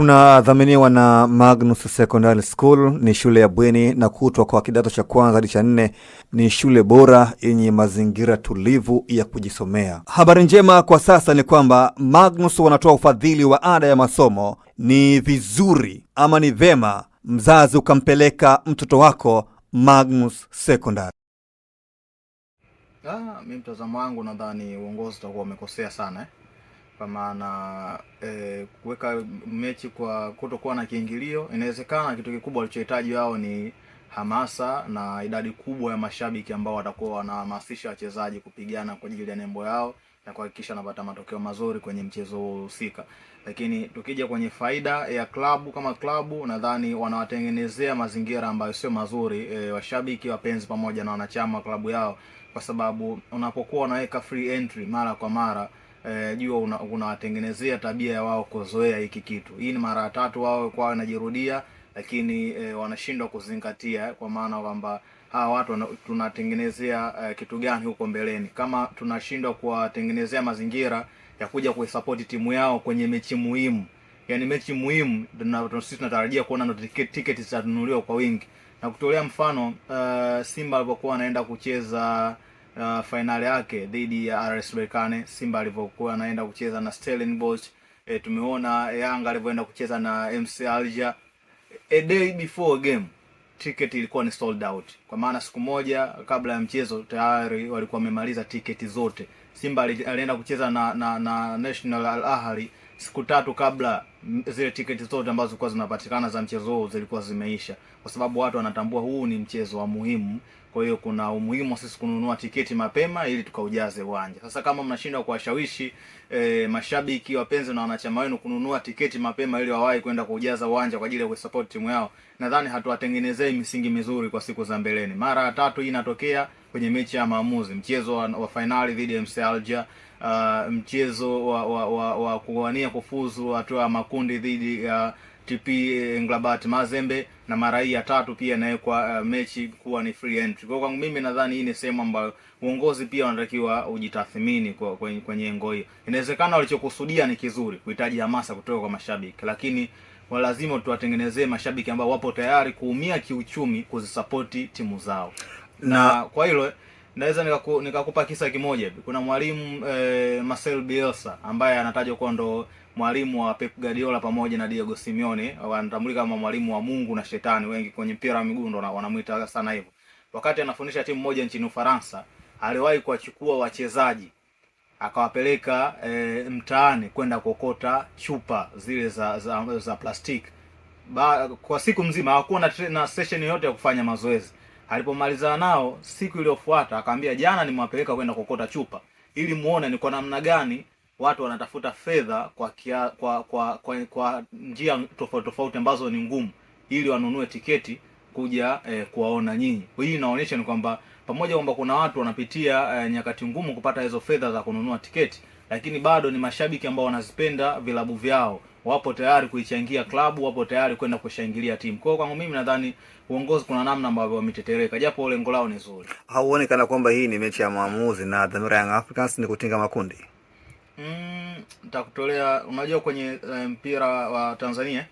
Tunadhaminiwa na Magnus Secondary School. Ni shule ya bweni na kutwa kwa kidato cha kwanza hadi cha nne. Ni shule bora yenye mazingira tulivu ya kujisomea. Habari njema kwa sasa ni kwamba Magnus wanatoa ufadhili wa ada ya masomo. Ni vizuri ama ni vema mzazi ukampeleka mtoto wako Magnus Secondary. Ah, mimi mtazamo wangu nadhani uongozi utakuwa umekosea sana eh? kwa maana e, kuweka mechi kwa kutokuwa na kiingilio. Inawezekana kitu kikubwa walichohitaji wao ni hamasa na idadi kubwa ya mashabiki ambao watakuwa wanahamasisha wachezaji kupigana kwa ajili ya nembo yao na kuhakikisha wanapata matokeo mazuri kwenye mchezo huo husika. Lakini tukija kwenye faida ya klabu kama klabu, nadhani wanawatengenezea mazingira ambayo sio mazuri e, washabiki, wapenzi pamoja na wanachama wa klabu yao, kwa sababu unapokuwa unaweka free entry mara kwa mara eh, jua unawatengenezea una tabia ya wao kuzoea hiki kitu. Hii ni mara ya tatu wao kwao inajirudia, lakini eh, wanashindwa kuzingatia, kwa maana kwamba hawa watu tunatengenezea eh, kitu gani huko mbeleni, kama tunashindwa kuwatengenezea mazingira ya kuja kuisapoti timu yao kwenye mechi muhimu. Yani mechi muhimu sisi tunatarajia kuona ndo tiketi zitanunuliwa kwa wingi, na kutolea mfano uh, Simba alipokuwa anaenda kucheza uh, fainali yake dhidi ya RS Berkane, Simba alivyokuwa anaenda kucheza na Stellenbosch. E, tumeona Yanga alivyoenda kucheza na MC Alger. A day before game tiketi ilikuwa ni sold out, kwa maana siku moja kabla ya mchezo tayari walikuwa wamemaliza tiketi zote. Simba alienda kucheza na, na, na National Al Ahly siku tatu kabla zile tiketi zote ambazo zilikuwa zinapatikana za mchezo huo zilikuwa zimeisha, kwa sababu watu wanatambua huu ni mchezo wa muhimu. Kwa hiyo kuna umuhimu wa sisi kununua tiketi mapema ili tukaujaze uwanja. Sasa kama mnashindwa kuwashawishi e, mashabiki wapenzi na wanachama wenu kununua tiketi mapema ili wawahi kwenda kuujaza uwanja kwa ajili ya kusupport timu yao, nadhani hatuwatengenezei misingi mizuri kwa siku za mbeleni. Mara tatu hii inatokea kwenye mechi ya maamuzi, mchezo wa, wa fainali dhidi ya MC Alger, uh, mchezo wa, wa, wa, wa kuwania kufuzu hatua ya makundi dhidi ya TP Nglabat Mazembe na mara hii ya tatu pia inawekwa uh, mechi kuwa ni free entry. Kwa kwangu mimi nadhani hii ni sehemu ambayo uongozi pia wanatakiwa ujitathmini kwa, kwenye, kwenye ngo hiyo. Inawezekana walichokusudia ni kizuri, kuhitaji hamasa kutoka kwa mashabiki, lakini lazima tuwatengenezee mashabiki ambao wapo tayari kuumia kiuchumi kuzisapoti timu zao na kwa hilo naweza nikaku, nikakupa kisa kimoja hivi. Kuna mwalimu e, Marcel Bielsa ambaye anatajwa kuwa ndo mwalimu wa Pep Guardiola pamoja na Diego Simeone, wanatambulika kama mwalimu wa Mungu na Shetani. Wengi kwenye mpira wa miguu ndo wanamuita sana hivyo. Wakati anafundisha timu moja nchini Ufaransa, aliwahi kuwachukua wachezaji akawapeleka e, mtaani kwenda kuokota chupa zile za za, za plastiki. Kwa siku nzima hakuwa na, na session yoyote ya kufanya mazoezi. Alipomalizana nao siku iliyofuata akaambia, jana nimewapeleka kwenda kokota chupa ili muone ni kwa namna gani watu wanatafuta fedha kwa, kia, kwa, kwa, kwa, kwa njia tofauti tofauti ambazo ni ngumu ili wanunue tiketi kuja eh, kuwaona nyinyi. Hii inaonyesha ni kwamba pamoja kwamba kuna watu wanapitia eh, nyakati ngumu kupata hizo fedha za kununua tiketi, lakini bado ni mashabiki ambao wanazipenda vilabu vyao wapo tayari kuichangia klabu, wapo tayari kwenda kushangilia timu. Kwa hiyo kwangu mimi nadhani uongozi kuna namna ambavyo wametetereka, japo lengo lao ni zuri. Hauoni kana kwamba hii ni mechi ya maamuzi na dhamira ya Young Africans ni kutinga makundi? Mm, nitakutolea unajua, kwenye eh, mpira wa Tanzania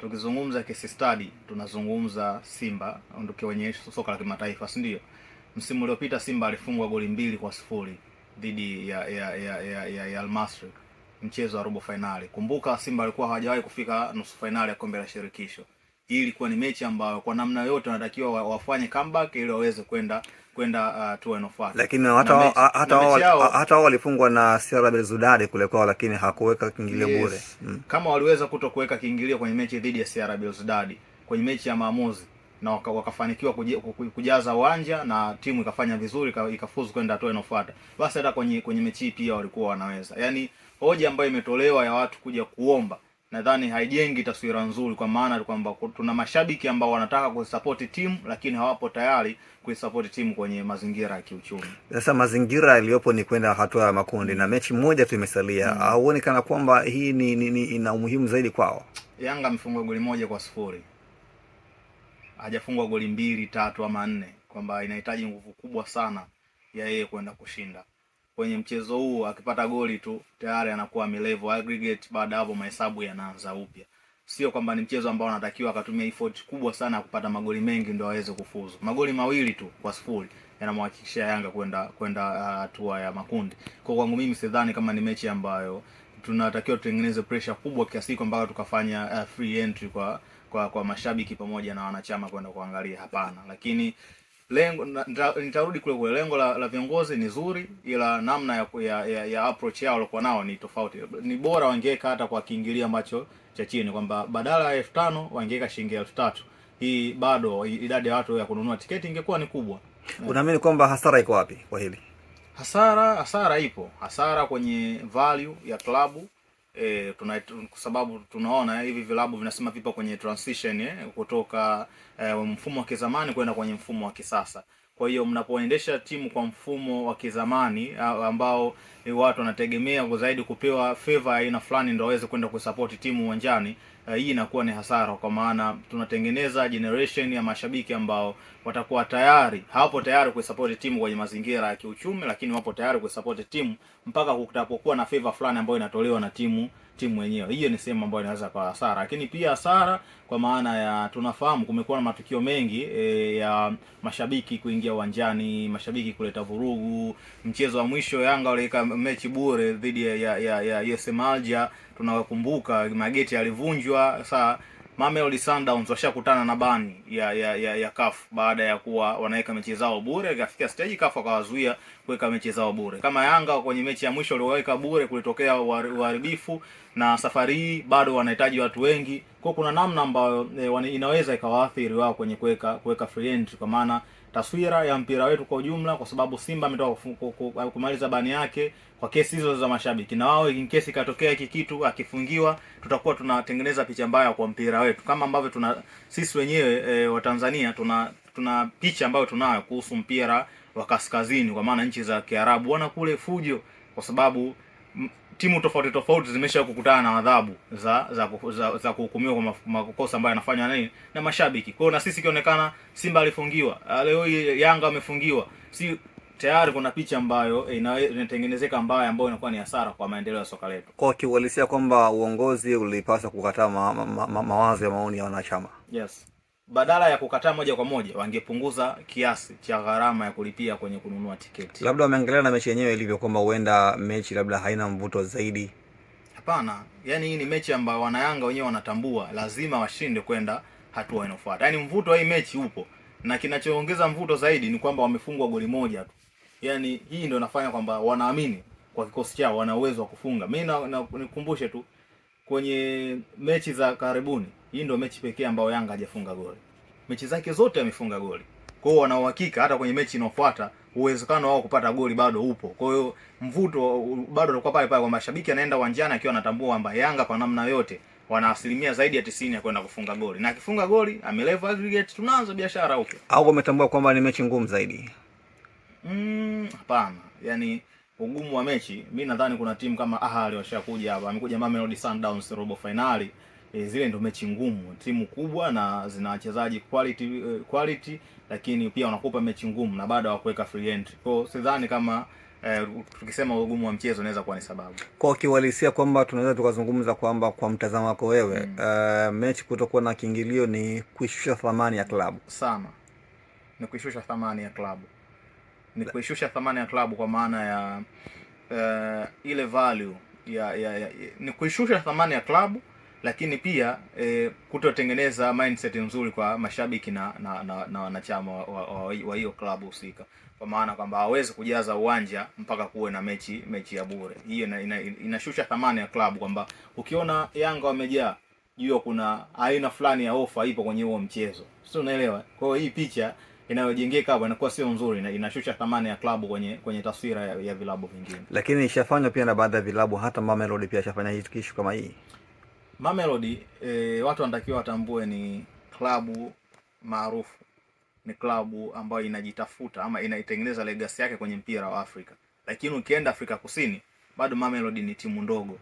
tukizungumza kesi study tunazungumza Simba ndio wenye soka la kimataifa, si ndio? Msimu uliopita Simba alifungwa goli mbili kwa sifuri dhidi ya ya ya, ya, ya, ya Al mchezo wa robo fainali. Kumbuka Simba alikuwa hawajawahi kufika nusu fainali ya kombe la shirikisho. Hii ilikuwa ni mechi ambayo kwa namna yote wanatakiwa wafanye comeback ili waweze kwenda kwenda uh, hatua uh, inayofuata. Lakini hata hata wao hata wao walifungwa na Sierra Belzudad kule kwao, lakini hakuweka kiingilio yes, bure mm. Kama waliweza kuto kuweka kiingilio kwenye mechi dhidi ya Sierra Belzudad kwenye mechi ya maamuzi na waka, wakafanikiwa kujaza uwanja na timu ikafanya vizuri ikafuzu kwenda hatua inayofuata, basi hata kwenye kwenye mechi hii pia walikuwa wanaweza. Yaani hoja ambayo imetolewa ya watu kuja kuomba nadhani haijengi taswira nzuri, kwa maana kwamba tuna mashabiki ambao wanataka kuisapoti timu lakini hawapo tayari kuisapoti timu kwenye mazingira ya kiuchumi. Sasa mazingira yaliyopo ni kwenda hatua ya makundi na mechi moja tu imesalia, hmm. hauoni mm, kana kwamba hii ni, ni, ni ina umuhimu zaidi kwao? Yanga amefunga goli moja kwa sufuri hajafungwa goli mbili tatu ama nne, kwamba inahitaji nguvu kubwa sana ya yeye kwenda kushinda kwenye mchezo huu. Akipata goli tu tayari anakuwa amelevel aggregate, baada hapo mahesabu yanaanza upya. Sio kwamba ni mchezo ambao anatakiwa akatumia effort kubwa sana ya kupata magoli mengi ndio aweze kufuzu. Magoli mawili tu kwa sifuri yanamhakikishia Yanga kwenda kwenda uh, hatua uh, ya makundi. Kwa kwangu mimi sidhani kama ni mechi ambayo tunatakiwa tutengeneze pressure kubwa kiasi kwamba tukafanya uh, free entry kwa kwa, kwa mashabiki pamoja na wanachama kwenda kuangalia, hapana. Lakini lengo nitarudi kule kule, lengo la, la viongozi ni zuri, ila namna ya, ya, ya, ya approach yao walikuwa nao ni tofauti. Ni bora wangeweka hata kwa kiingilio ambacho cha chini, kwamba badala ya elfu tano wangeweka shilingi elfu tatu Hii bado idadi ya watu ya kununua tiketi ingekuwa ni kubwa. Unaamini kwamba hasara iko wapi kwa hili? Hasara hasara ipo, hasara kwenye value ya klabu E, tuna, kwa sababu tunaona hivi vilabu vinasema vipo kwenye transition eh, kutoka eh, mfumo wa kizamani kwenda kwenye mfumo wa kisasa. Kwa hiyo mnapoendesha timu kwa mfumo wa kizamani ambao eh, watu wanategemea zaidi kupewa favor aina fulani ndio waweze kwenda kusupport timu uwanjani uh, hii inakuwa ni hasara, kwa maana tunatengeneza generation ya mashabiki ambao watakuwa tayari hawapo tayari kuisupport timu kwenye mazingira ya kiuchumi, lakini wapo tayari kuisupport timu mpaka kutapokuwa na favor fulani ambayo inatolewa na timu timu wenyewe. Hiyo ni sehemu ambayo inaweza kwa hasara, lakini pia hasara kwa maana ya tunafahamu kumekuwa na matukio mengi e, ya mashabiki kuingia uwanjani, mashabiki kuleta vurugu. Mchezo wa mwisho Yanga waliweka mechi bure dhidi ya ya, ya, ya, ya tunawakumbuka, mageti yalivunjwa. Saa Mamelodi Sundowns washakutana na bani ya ya, ya, ya CAF baada ya kuwa wanaweka mechi zao bure. Ikafika stage CAF akawazuia kuweka mechi zao bure. Kama Yanga kwenye mechi ya mwisho walioweka bure kulitokea uharibifu, na safari hii bado wanahitaji watu wengi kwa kuna namna ambayo e, inaweza ikawaathiri wao kwenye kuweka kuweka free entry, kwa maana taswira ya mpira wetu kwa ujumla, kwa sababu Simba ametoka kumaliza bani yake kwa kesi hizo za mashabiki, na wao in case ikatokea hiki kitu akifungiwa, tutakuwa tunatengeneza picha mbaya kwa mpira wetu, kama ambavyo tuna sisi wenyewe e, eh, Watanzania tuna tuna picha ambayo tunayo kuhusu mpira wa kaskazini, kwa maana nchi za Kiarabu wana kule fujo kwa sababu timu tofauti tofauti zimesha kukutana na adhabu za za, za, za kuhukumiwa kwa makosa ambayo yanafanywa nini na mashabiki. Kwa hiyo na sisi ikionekana Simba alifungiwa ah, leo hii, Yanga amefungiwa, si tayari kuna picha ambayo e, inatengenezeka mbaya ambayo inakuwa ni hasara kwa maendeleo ya soka letu. Kwa kiuhalisia kwamba uongozi ulipaswa kukataa ma, ma, ma, mawazo ya maoni ya wanachama. Yes badala ya kukataa moja kwa moja wangepunguza kiasi cha gharama ya kulipia kwenye kununua tiketi. Labda wameangalia na mechi yenyewe ilivyo, kwamba huenda mechi labda haina mvuto zaidi. Hapana, yani hii ni mechi ambayo wanayanga wenyewe wanatambua lazima washinde kwenda hatua inayofuata. Yani mvuto wa hii mechi upo, na kinachoongeza mvuto zaidi ni kwamba wamefungwa goli moja tu. Yani hii ndio inafanya kwamba wanaamini kwa kikosi chao, wana uwezo wa kufunga. Mimi nikumbushe tu kwenye mechi za karibuni hii ndio mechi pekee ambayo Yanga hajafunga goli. Mechi zake zote amefunga goli. Kwa hiyo wana uhakika hata kwenye mechi inayofuata uwezekano wao kupata goli bado upo. Kwa hiyo mvuto bado utakuwa pale pale, kwa mashabiki anaenda uwanjani akiwa anatambua kwamba Yanga kwa namna yote wana asilimia zaidi ya 90 ya kwenda kufunga goli, na akifunga goli amelevel aggregate, tunaanza biashara huko. Au wametambua kwamba ni mechi ngumu zaidi? Mm, hapana. Yaani ugumu wa mechi, mimi nadhani kuna timu kama Ahali washakuja hapa, amekuja Mamelodi Sundowns robo finali e, zile ndo mechi ngumu, timu kubwa na zina wachezaji quality, e, quality, lakini pia wanakupa mechi ngumu na bado hawakuweka free entry. Kwa hiyo sidhani kama Eh, tukisema ugumu wa mchezo unaweza kuwa ni sababu kwa kiwalisia kwamba tunaweza tukazungumza kwamba kwa mtazamo wako wewe mm. Uh, mechi kutokuwa na kiingilio ni kuishusha thamani ya klabu sana, ni kuishusha thamani ya klabu, ni kuishusha thamani ya klabu kwa maana ya uh, ile value ya, ya, ya, ya, ni kuishusha thamani ya klabu lakini pia e, kutotengeneza mindset nzuri kwa mashabiki na na wanachama na, na, wa, wa, hiyo klabu husika, kwa maana kwamba hawezi kujaza uwanja mpaka kuwe na mechi mechi ya bure. Hiyo inashusha ina, ina thamani ya klabu, kwamba ukiona Yanga wamejaa jua kuna aina fulani ya ofa ipo kwenye huo mchezo, sio? Unaelewa? Kwa hiyo hii picha inayojengeka hapo inakuwa sio nzuri, na inashusha thamani ya klabu kwenye kwenye taswira ya, ya vilabu vingine, lakini ishafanywa pia na baadhi ya vilabu, hata Mamelodi pia ishafanya hii kishu kama hii. Mamelodi e, watu wanatakiwa watambue ni klabu maarufu, ni klabu ambayo inajitafuta ama inaitengeneza legacy yake kwenye mpira wa Afrika. Lakini ukienda Afrika Kusini bado Mamelodi ni timu ndogo,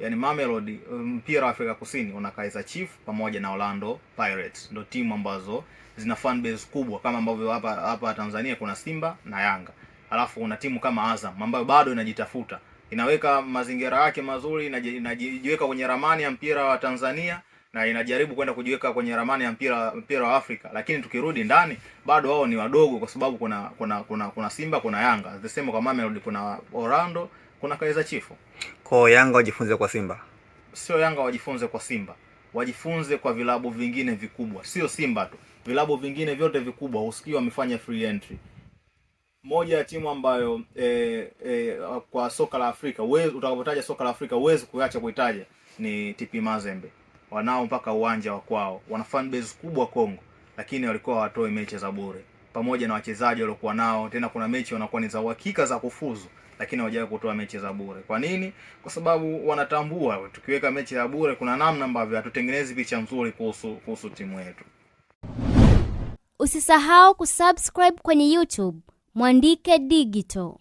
yaani Mamelodi mpira wa Afrika Kusini una Kaizer Chiefs pamoja na Orlando Pirates, ndio timu ambazo zina fan base kubwa, kama ambavyo hapa hapa Tanzania kuna Simba na Yanga, alafu una timu kama Azam ambayo bado inajitafuta inaweka mazingira yake mazuri, inajiweka kwenye ramani ya mpira wa Tanzania na inajaribu kwenda kujiweka kwenye ramani ya mpira mpira wa Afrika, lakini tukirudi ndani bado wao ni wadogo, kwa sababu kuna kuna kuna, kuna Simba, kuna Yanga the same, kwa Mamelodi kuna Orlando, kuna Kaizer Chiefs. Kwa Yanga wajifunze kwa Simba, sio Yanga wajifunze kwa Simba, wajifunze kwa vilabu vingine vikubwa, sio Simba tu, vilabu vingine vyote vikubwa, usikii wamefanya free entry moja ya timu ambayo e, e, kwa soka la Afrika utakapotaja soka la Afrika huwezi kuacha kuitaja ni TP Mazembe. Wanao mpaka uwanja wa kwao, wana fan base kubwa Kongo, lakini walikuwa hawatoi mechi za bure, pamoja na wachezaji waliokuwa nao. Tena kuna mechi wanakuwa ni za uhakika za kufuzu, lakini hawajawahi kutoa mechi za bure. Kwa nini? Kwa sababu wanatambua tukiweka mechi za bure, kuna namna ambavyo hatutengenezi picha nzuri kuhusu kuhusu timu yetu. Usisahau kusubscribe kwenye YouTube Mwandike digital.